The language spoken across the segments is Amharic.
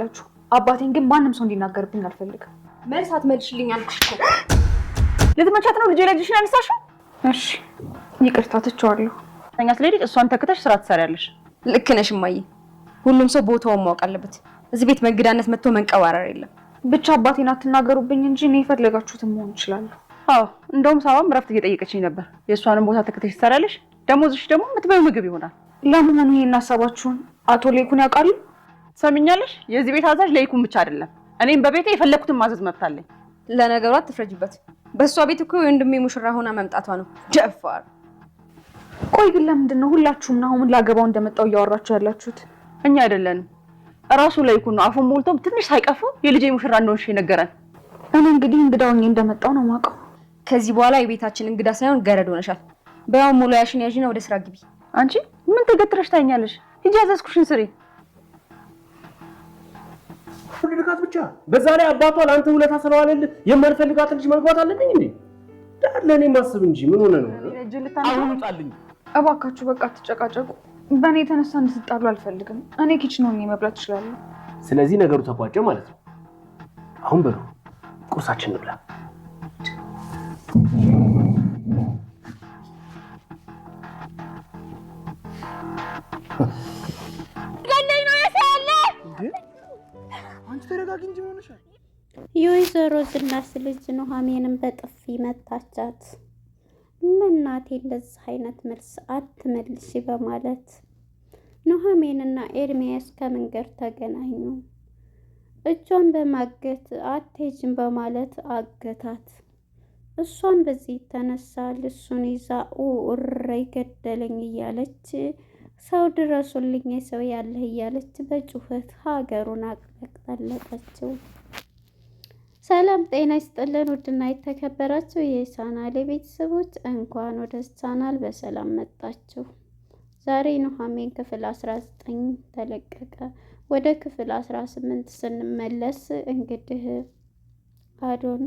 ያላችሁ። አባቴን ግን ማንም ሰው እንዲናገርብኝ አልፈልግም። መልስ አትመልሽልኝ አልኩሽ እኮ። ልትመቻት ነው ልጄ ላይ አነሳሽ? እሺ ይቅርታ ትቼዋለሁ። ተኛ ስለሄድክ እሷን ተክተሽ ስራ ትሰሪያለሽ። ልክ ነሽ እማዬ። ሁሉም ሰው ቦታውን ማወቅ አለበት። እዚህ ቤት መግዳነት መጥቶ መንቀባረር የለም። ብቻ አባቴን አትናገሩብኝ እንጂ እኔ የፈለጋችሁትን መሆን እችላለሁ። አዎ እንደውም ሳባም እረፍት እየጠየቀችኝ ነበር። የእሷንም ቦታ ተክተሽ ትሰሪያለሽ፣ ደሞዝሽ ደግሞ የምትበይው ምግብ ይሆናል። ለመሆኑ ይሄን ሀሳባችሁን አቶ ሌኩን ያውቃሉ? ሰሚኛለሽ? የዚህ ቤት አዛዥ ለይኩን ብቻ አይደለም፣ እኔም በቤቴ የፈለኩትን ማዘዝ መብት አለኝ። ለነገሩ አትፍረጅበት። በእሷ ቤት እኮ የወንድሜ ሙሽራ ሆና መምጣቷ ነው። ደፋር። ቆይ ግን ለምንድን ነው ሁላችሁም ናሁምን ላገባው እንደመጣው እያወራችሁ ያላችሁት? እኛ አይደለንም እራሱ ለይኩን ነው። አፉን ሞልቶም ትንሽ ሳይቀፉ የልጄ ሙሽራ እንደሆንሽ የነገረን። እኔ እንግዲህ እንግዳው እንደመጣው ነው የማውቀው። ከዚህ በኋላ የቤታችን እንግዳ ሳይሆን ገረድ ሆነሻል። በያውም ሙሉ ያሽን ያዥና ወደ ስራ ግቢ። አንቺ ምን ተገትረሽ ታኛለሽ? ሂጂ ያዘዝኩሽን ስሪ። ሁሉ ልካት ብቻ። በዛ ላይ አባቷ ለአንተ ውለታ ስለዋለልህ የማልፈልጋት ልጅ ማግባት አለብኝ እንዴ? ዳር ለእኔ ማስብ እንጂ ምን ሆነ ነው? አሁን ውጣልኝ እባካችሁ። በቃ አትጨቃጨቁ። በእኔ የተነሳ እንድትጣሉ አልፈልግም። እኔ ኪችን ሆኜ መብላት እችላለሁ። ስለዚህ ነገሩ ተቋጨ ማለት ነው። አሁን በሉ ቁርሳችን እንብላ። ተረጋጊ እንጂ ሆነሻል። የወይዘሮ ዝናሽ ልጅ ኑሐሚንም በጥፊ መታቻት። ለእናቴ እንደዚህ አይነት መልስ አትመልሺ በማለት ኑሐሚንና ኤርሚያስ ከመንገድ ተገናኙ። እጇን በማገት አትሄጂም በማለት አገታት። እሷን በዚህ ተነሳ ልሱን ይዛ ኡሬ ገደለኝ እያለች ሰው ድረሱልኝ ሰው ያለህ እያለች በጩኸት ሀገሩን አቅለጠለጠችው። ሰላም ጤና ይስጥልን ውድና የተከበራችሁ የቻናሌ ቤተሰቦች እንኳን ወደ ቻናል በሰላም መጣችሁ። ዛሬ ኑሐሚን ክፍል 19 ተለቀቀ። ወደ ክፍል 18 ስንመለስ እንግዲህ አዶን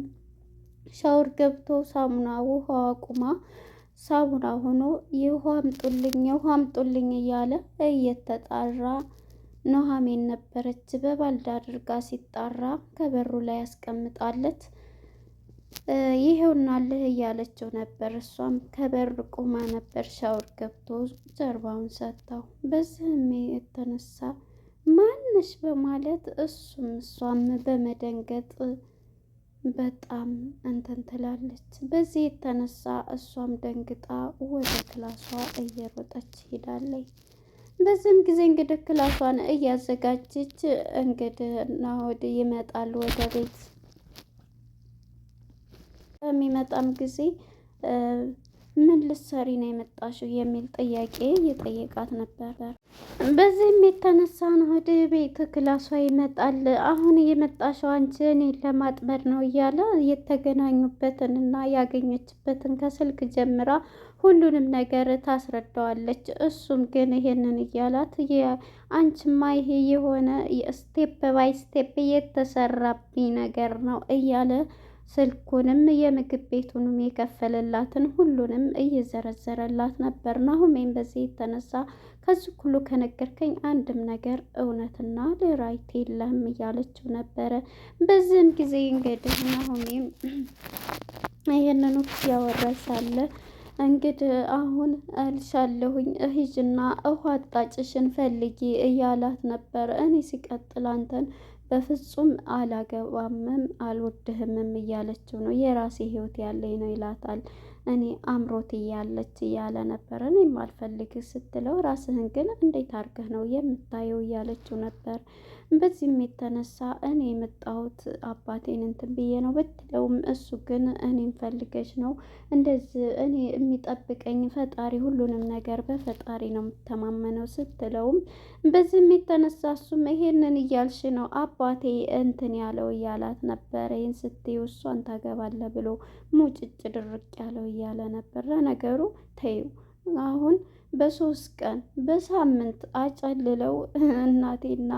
ሻወር ገብቶ ሳሙና ውሃ አቁማ ሳሙና ሆኖ የውሃ አምጡልኝ የውሃ አምጡልኝ እያለ እየተጣራ ኑሃሜን ነበረች በባልድ አድርጋ ሲጣራ ከበሩ ላይ ያስቀምጣለት ይሄውናልህ እያለችው ነበር። እሷም ከበር ቁማ ነበር። ሻወር ገብቶ ጀርባውን ሰጥተው በዚህም የተነሳ ማንሽ በማለት እሱም እሷም በመደንገጥ በጣም እንትን ትላለች። በዚህ የተነሳ እሷም ደንግጣ ወደ ክላሷ እየሮጠች ሄዳለች። በዚህም ጊዜ እንግዲህ ክላሷን እያዘጋጀች እንግዲህ ናሆድ ይመጣል ወደ ቤት። በሚመጣም ጊዜ ምን ልትሰሪ ነው የመጣሽው የሚል ጥያቄ እየጠየቃት ነበር። በዚህም የተነሳ ነው ወደ ቤት ክላሷ ይመጣል። አሁን የመጣሽው አንቺ እኔን ለማጥመድ ነው እያለ የተገናኙበትን እና ያገኘችበትን ከስልክ ጀምራ ሁሉንም ነገር ታስረዳዋለች። እሱም ግን ይሄንን እያላት አንቺማ ይሄ የሆነ ስቴፕ ባይ ስቴፕ የተሰራብኝ ነገር ነው እያለ ስልኩንም የምግብ ቤቱንም የከፈለላትን ሁሉንም እየዘረዘረላት ነበር። ናሁሜም በዚህ የተነሳ ከዚህ ሁሉ ከነገርከኝ አንድም ነገር እውነትና ሌራይት የለም እያለችው ነበረ። በዚህም ጊዜ እንግዲህ ናሆሜም ይህንኑ ያወረሳለ ሳለ እንግዲህ አሁን አልሻለሁኝ እህጅና ውሃ አጣጭሽን ፈልጊ እያላት ነበር። እኔ ሲቀጥል አንተን በፍጹም አላገባምም አልወድህምም እያለችው ነው። የራሴ ህይወት ያለኝ ነው ይላታል። እኔ አምሮት እያለች እያለ ነበር። እኔም አልፈልግ ስትለው ራስህን ግን እንዴት አድርገህ ነው የምታየው እያለችው ነበር። በዚህም የተነሳ እኔ የመጣሁት አባቴን እንትን ብዬ ነው ብትለውም እሱ ግን እኔ ፈልገች ነው እንደዚህ እኔ የሚጠብቀኝ ፈጣሪ፣ ሁሉንም ነገር በፈጣሪ ነው የምተማመነው ስትለውም በዚህም የተነሳ እሱም ይሄንን እያልሽ ነው አባቴ እንትን ያለው እያላት ነበረ። ይህን ስትይ እሷን ታገባለ ብሎ ሙጭጭ ድርቅ ያለው እያለ ነበረ ነገሩ ተይው አሁን በሶስት ቀን በሳምንት አጨልለው እናቴና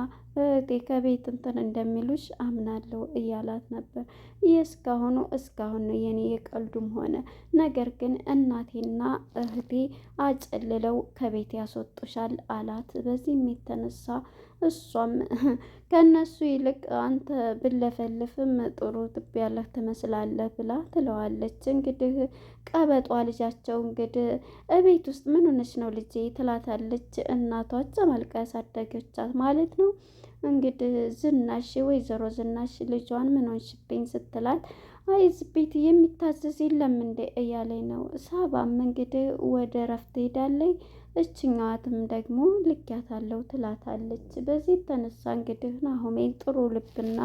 ከቤት እንትን እንደሚሉሽ አምናለሁ እያላት ነበር። ይህ እስካሁኑ እስካሁን ነው የኔ የቀልዱም ሆነ ነገር ግን እናቴና እህቴ አጨልለው ከቤት ያስወጡሻል አላት። በዚህም የተነሳ እሷም ከእነሱ ይልቅ አንተ ብለፈልፍም ጥሩ ትብ ያለህ ትመስላለህ ብላ ትለዋለች። እንግዲህ ቀበጧ ልጃቸው እንግዲህ እቤት ውስጥ ምን ሆነች ነው ልጄ ትላታለች። እናቷ ጨመልቃ ያሳደገቻት ማለት ነው። እንግዲህ ዝናሽ ወይዘሮ ዝናሽ ልጇን ምን ሆንሽብኝ ስትላት አይ ዝቤት የሚታዘዝ የለም እንዴ እያለኝ ነው። ሳባም እንግዲህ ወደ እረፍት ሄዳለኝ፣ እችኛዋትም ደግሞ ልኪያታለሁ ትላታለች። በዚህ የተነሳ እንግዲህ ናሆሜን ጥሩ ልብና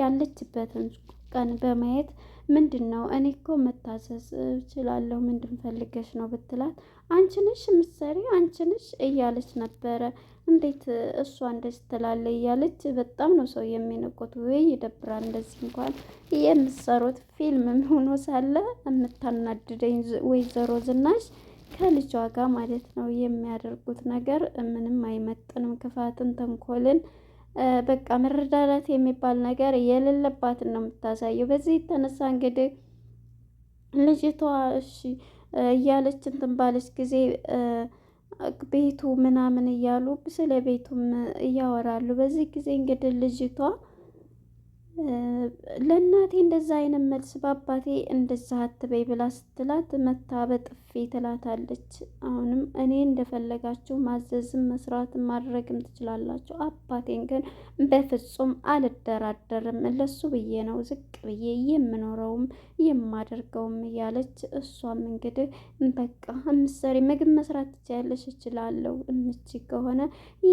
ያለችበትን ቀን በማየት ምንድን ነው እኔ እኮ መታዘዝ እችላለሁ፣ ምንድን ፈልገሽ ነው ብትላት አንችንሽ ነሽ አንችንሽ እያለች ነበረ። እንዴት እሷ እንደዚህ ትላለ እያለች በጣም ነው ሰው የሚነቆት ወይ ይደብራል። እንደዚህ እንኳን የምትሰሩት ፊልም ሆኖ ሳለ የምታናድደኝ ወይዘሮ ዝናሽ ከልጇ ጋር ማለት ነው የሚያደርጉት ነገር ምንም አይመጥንም። ክፋትን፣ ተንኮልን በቃ መረዳዳት የሚባል ነገር የሌለባትን ነው የምታሳየው። በዚህ የተነሳ እንግዲህ ልጅቷ እሺ እያለች እንትን ባለች ጊዜ ቤቱ ምናምን እያሉ ስለ ቤቱም እያወራሉ። በዚህ ጊዜ እንግዲህ ልጅቷ ለእናቴ እንደዛ አይነት መልስ በአባቴ እንደዛ አትበይ ብላ ስትላት መታ አፌ ትላታለች። አሁንም እኔ እንደፈለጋችሁ ማዘዝም መስራትም ማድረግም ትችላላችሁ፣ አባቴን ግን በፍጹም አልደራደርም። ለሱ ብዬ ነው ዝቅ ብዬ የምኖረውም የማደርገውም እያለች እሷም እንግዲህ በቃ ምሰሪ ምግብ መስራት ትችያለሽ፣ እችላለሁ እምች ከሆነ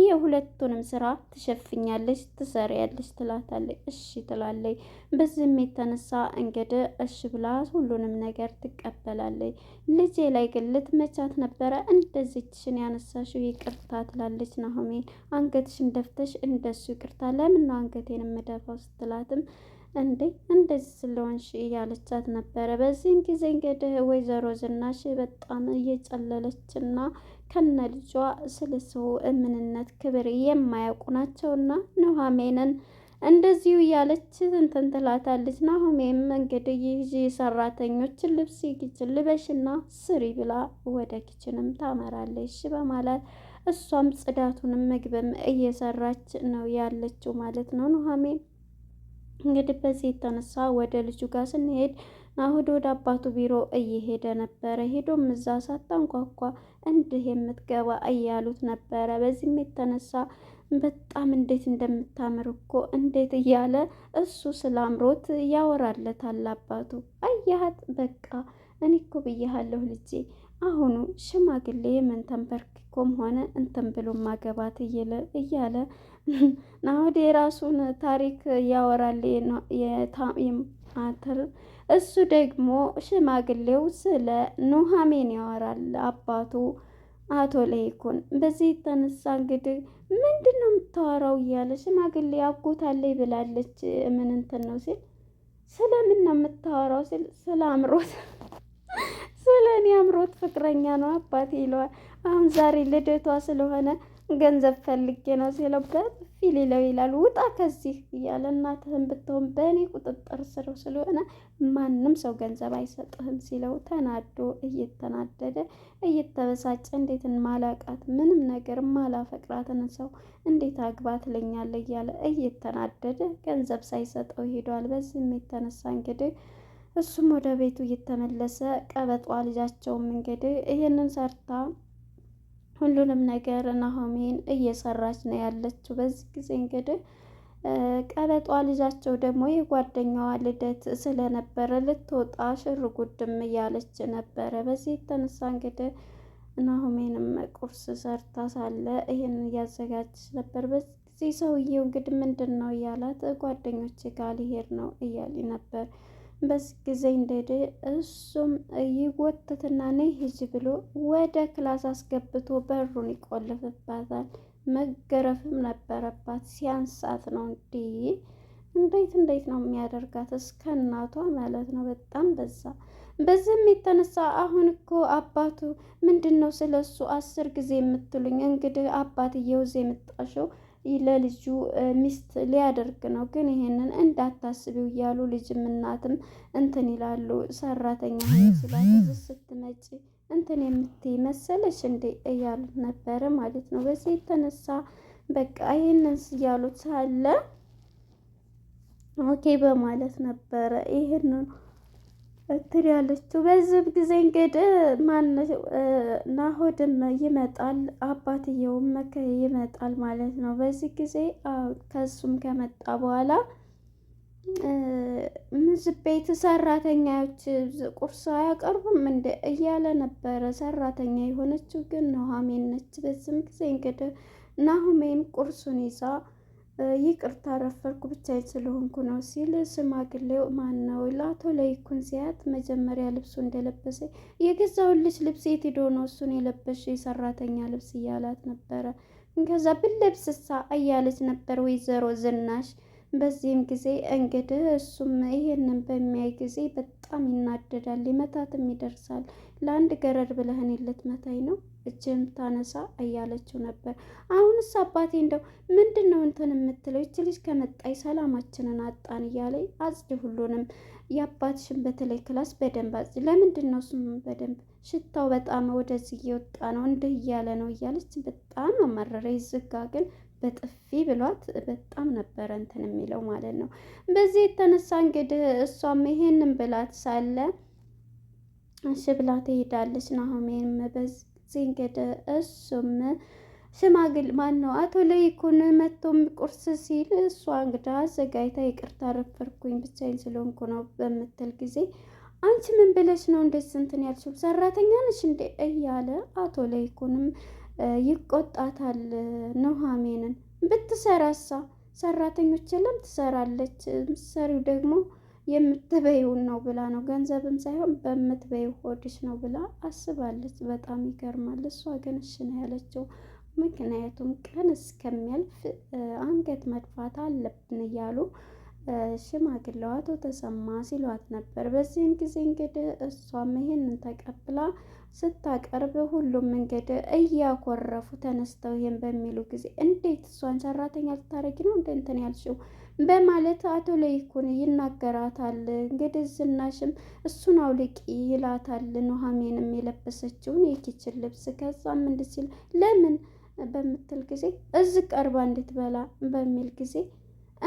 የሁለቱንም ስራ ትሸፍኛለች፣ ትሰሪያለች ትላታለች። እሺ ትላለች። በዚህም የተነሳ እንግዲህ እሺ ብላ ሁሉንም ነገር ትቀበላለች ልጅ ላይ ግን ልትመቻት ነበረ። እንደዚችሽን ያነሳሽው ይቅርታ ትላለች ናሆሜን። አንገትሽን ደፍተሽ እንደሱ ይቅርታ ለምን ነው አንገቴን የምደፋው ስትላትም እንዴ እንደዚህ ስለሆንሽ እያለቻት ነበረ። በዚህም ጊዜ እንግዲህ ወይዘሮ ዝናሽ በጣም እየጨለለችና ከነ ልጇ ስለ ሰው ክብር የማያውቁ ናቸውና ኑሐሚንን እንደዚሁ እያለች እንትን ትላታለች። ናሆሜም እንግዲህ ይህ የሰራተኞችን ልብስ ኪችን ልበሽና ስሪ ብላ ወደ ኪችንም ታመራለች በማለት እሷም ጽዳቱንም ምግብም እየሰራች ነው ያለችው ማለት ነው። ኑሃሜ እንግዲህ በዚህ የተነሳ ወደ ልጁ ጋር ስንሄድ ናሁድ ወደ አባቱ ቢሮ እየሄደ ነበረ። ሄዶም እዛ ሳታንኳኳ እንድህ የምትገባ እያሉት ነበረ። በዚህም የተነሳ በጣም እንዴት እንደምታምር እኮ እንዴት እያለ እሱ ስለ አምሮት ያወራለታል አባቱ። አያሃት በቃ እኔ እኮ ብያሃለሁ ልጄ፣ አሁኑ ሽማግሌ ምን ተንበርክኮም ሆነ እንትን ብሎ ማገባት እየለ እያለ ናሁድ የራሱን ታሪክ ያወራል አትር እሱ ደግሞ ሽማግሌው ስለ ኑሐሚን ያወራል አባቱ አቶ ለይኩን። በዚህ የተነሳ እንግዲህ ምንድን ነው የምታወራው እያለ ሽማግሌ አጎታለይ ብላለች። ምን እንትን ነው ሲል ስለምን ነው የምታወራው ሲል ስለ አምሮት ስለ እኔ አምሮት ፍቅረኛ ነው አባቴ ይለዋል። አሁን ዛሬ ልደቷ ስለሆነ ገንዘብ ፈልጌ ነው ሲለበት ሊለው ይላል። ውጣ ከዚህ እያለ እናትህን ብትሆን በእኔ ቁጥጥር ስር ስለሆነ ማንም ሰው ገንዘብ አይሰጥህም ሲለው ተናዶ እየተናደደ እየተበሳጨ እንዴት ማላቃት ምንም ነገር ማላፈቅራትን ሰው እንዴት አግባ ትለኛለህ እያለ እየተናደደ ገንዘብ ሳይሰጠው ሄዷል። በዚህም የተነሳ እንግዲህ እሱም ወደ ቤቱ እየተመለሰ ቀበጧ ልጃቸውም እንግዲህ ይህንን ሰርታ ሁሉንም ነገር ኑሃሚን እየሰራች ነው ያለችው። በዚህ ጊዜ እንግዲህ ቀበጧ ልጃቸው ደግሞ የጓደኛዋ ልደት ስለነበረ ልትወጣ ሽር ጉድም እያለች ነበረ። በዚህ የተነሳ እንግዲህ ናሆሜንም ቁርስ ሰርታ ሳለ ይህን እያዘጋጀች ነበር። በዚህ ጊዜ ሰውዬው እንግዲህ ምንድን ነው እያላት ጓደኞች ጋር ሊሄድ ነው እያለ ነበር። በዚህ ጊዜ እንደሄደ እሱም ይጎትትና ነይ ሂጂ ብሎ ወደ ክላስ አስገብቶ በሩን ይቆልፍባታል። መገረፍም ነበረባት። ሲያንሳት ነው እንዲህ እንዴት እንዴት ነው የሚያደርጋት እስከ እናቷ ማለት ነው። በጣም በዛ። በዚህም የተነሳ አሁን እኮ አባቱ ምንድን ነው ስለ እሱ አስር ጊዜ የምትሉኝ? እንግዲህ አባትየው እዚህ የምጣሸው ለልጁ ሚስት ሊያደርግ ነው። ግን ይሄንን እንዳታስቢው እያሉ ልጅም እናትም እንትን ይላሉ። ሰራተኛ ስላት ስትመጪ እንትን የምትይ መሰለች እንዴ እያሉት ነበረ ማለት ነው። በዚህ የተነሳ በቃ ይህንን እያሉት ሳለ ኦኬ በማለት ነበረ ይህንን እትል ያለችው። በዚህ ጊዜ እንግዲህ ማን ናሆድም ይመጣል፣ አባትየውም መከ ይመጣል ማለት ነው። በዚህ ጊዜ ከሱም ከመጣ በኋላ ምዝ ቤት ሰራተኛዎች ቁርስ አያቀርቡም እንደ እያለ ነበረ። ሰራተኛ የሆነችው ግን ኑሃሜን ነች። በዚህም ጊዜ እንግዲህ ናሆሜም ቁርሱን ይዛ ይቅርታ ረፈርኩ ብቻዬን ስለሆንኩ ነው ሲል ሽማግሌው ማን ነው ለአቶ ለይኩን ሲያት መጀመሪያ ልብሱ እንደለበሰ የገዛውን ልጅ ልብስ የት ሄዶ ነው እሱን የለበሽ የሰራተኛ ልብስ እያላት ነበረ። ከዛ ብለብስሳ እያለች ነበር ወይዘሮ ዝናሽ በዚህም ጊዜ እንግዲህ እሱም ይህንን በሚያይ ጊዜ በጣም ይናደዳል፣ ሊመታትም ይደርሳል። ለአንድ ገረድ ብለህን ልትመታኝ ነው እጅም ታነሳ እያለችው ነበር። አሁንስ አባቴ እንደው ምንድን ነው እንትን የምትለው? ይች ልጅ ከመጣይ ሰላማችንን አጣን እያለ አጽድ፣ ሁሉንም የአባትሽን በተለይ ክላስ በደንብ አጽ ለምንድን ነው ስሙ በደንብ ሽታው በጣም ወደዚህ እየወጣ ነው እንድህ እያለ ነው እያለች በጣም አመረረ። ይዝጋ ግን በጥፊ ብሏት በጣም ነበረ እንትን የሚለው ማለት ነው። በዚህ የተነሳ እንግዲህ እሷም ይሄንን ብላት ሳለ እሺ ብላ ትሄዳለች። ናሆሜም በዚህ እንግዲህ እሱም ሽማግል ማን ነው አቶ ለይኩን መጥቶም ቁርስ ሲል እሷ እንግዳ አዘጋጅታ ይቅርታ ረፈርኩኝ ብቻዬን ስለሆንኩ ነው በምትል ጊዜ አንቺ ምን ብለሽ ነው እንዴት ስንትን ያልሽው ሰራተኛ ነሽ እንዴ እያለ አቶ ለይኩንም ይቆጣታል ኑሃሜንን። ብትሰራሳ ሰራተኞች የለም ትሰራለች፣ ምሰሪው ደግሞ የምትበይውን ነው ብላ ነው ገንዘብም ሳይሆን በምትበይው ሆድሽ ነው ብላ አስባለች። በጣም ይገርማል። እሷ ግን እሺ ነው ያለችው። ምክንያቱም ቀን እስከሚያልፍ አንገት መድፋት አለብን እያሉ ሽማግሌው አቶ ተሰማ ሲሏት ነበር። በዚህን ጊዜ እንግዲህ እሷም ይሄንን ተቀብላ ስታቀርብ ሁሉም መንገድ እያኮረፉ ተነስተው ይህን በሚሉ ጊዜ እንዴት እሷን ሰራተኛ ልታረጊ ነው እንደ እንትን ያልሽው በማለት አቶ ለይኩን ይናገራታል። እንግዲህ ዝናሽም እሱን አውልቂ ይላታል። ኑሐሚንም የለበሰችውን የኪችን ልብስ ከዛም እንድ ሲል ለምን በምትል ጊዜ እዚህ ቀርባ እንድትበላ በሚል ጊዜ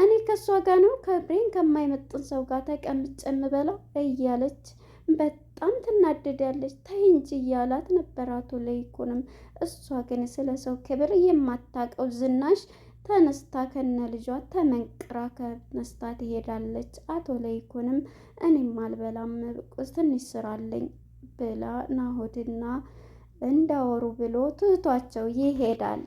እኔ ከእሷ ጋር ነው ከብሬን ከማይመጥን ሰው ጋር ተቀምጬ የምበላው እያለች በጣም ትናደዳለች። ተይ እንጂ እያላት ነበር አቶ ለይኩንም። እሷ ግን ስለ ሰው ክብር የማታውቀው ዝናሽ ተነስታ ከነ ልጇ ተመንቅራ ከነስታ ትሄዳለች። አቶ ለይኩንም እኔም አልበላም ትንሽ ስራ አለኝ ብላ ናሆድና እንዳወሩ ብሎ ትቷቸው ይሄዳል።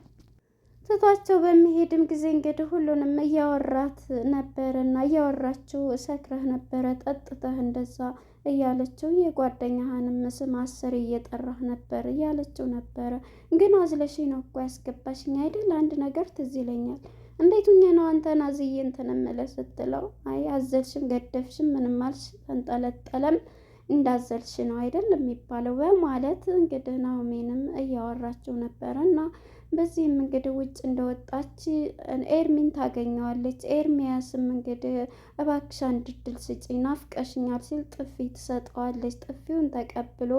ትቷቸው በሚሄድም ጊዜ እንግዲህ ሁሉንም እያወራት ነበረና እያወራችው ሰክረህ ነበረ ጠጥተህ እንደዛ እያለችው የጓደኛህንም ስም አስር እየጠራህ ነበር እያለችው ነበረ። ግን አዝለሽኝ ነው እኮ ያስገባሽኝ አይደል? አንድ ነገር ትዝ ይለኛል። እንዴት ሁኜ ነው አንተን አዝዬ እንትን እምልህ ስትለው፣ አይ አዘልሽም፣ ገደፍሽም፣ ምንም አልሽ ተንጠለጠለም እንዳዘልሽ ነው አይደል የሚባለው በማለት እንግዲህ ናሆሜንም እያወራችው ነበረ እና በዚህም እንግዲህ ውጭ እንደወጣች ኤርሚን ታገኘዋለች። ኤርሚያስም እንግዲህ እባክሽ አንድ እድል ስጪኝ ናፍቀሽኛል ሲል ጥፊ ትሰጠዋለች። ጥፊውን ተቀብሎ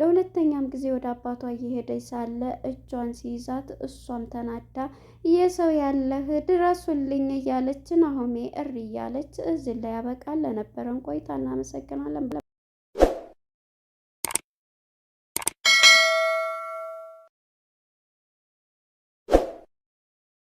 ለሁለተኛም ጊዜ ወደ አባቷ እየሄደች ሳለ እጇን ሲይዛት እሷም ተናዳ የሰው ያለህ ድረሱልኝ እያለችን አሁሜ እሪ እያለች እዚህ ላይ ያበቃል። ለነበረን ቆይታ እናመሰግናለን።